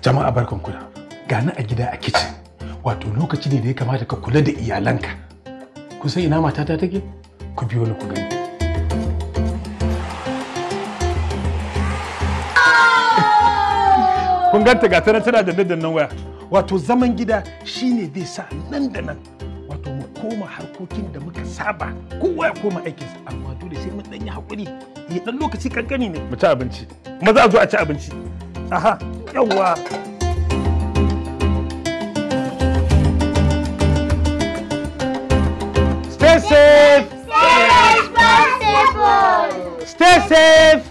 jama'a barkan ga gani a gida a kicin wato lokaci ne da ya kamata ka kula da iyalanka ku sai ina ta take ku biyo ni ku gani oh! kun ganta ga tana tana da daddan waya wato zaman gida shine zai sa nan da nan wato mu koma harkokin da muka saba kowa ya koma aikinsa amma dole sai mun dan hakuri ya dan lokaci kankani ne mu ci abinci maza a zo a ci abinci aha yawwa stay safe stay responsible stay safe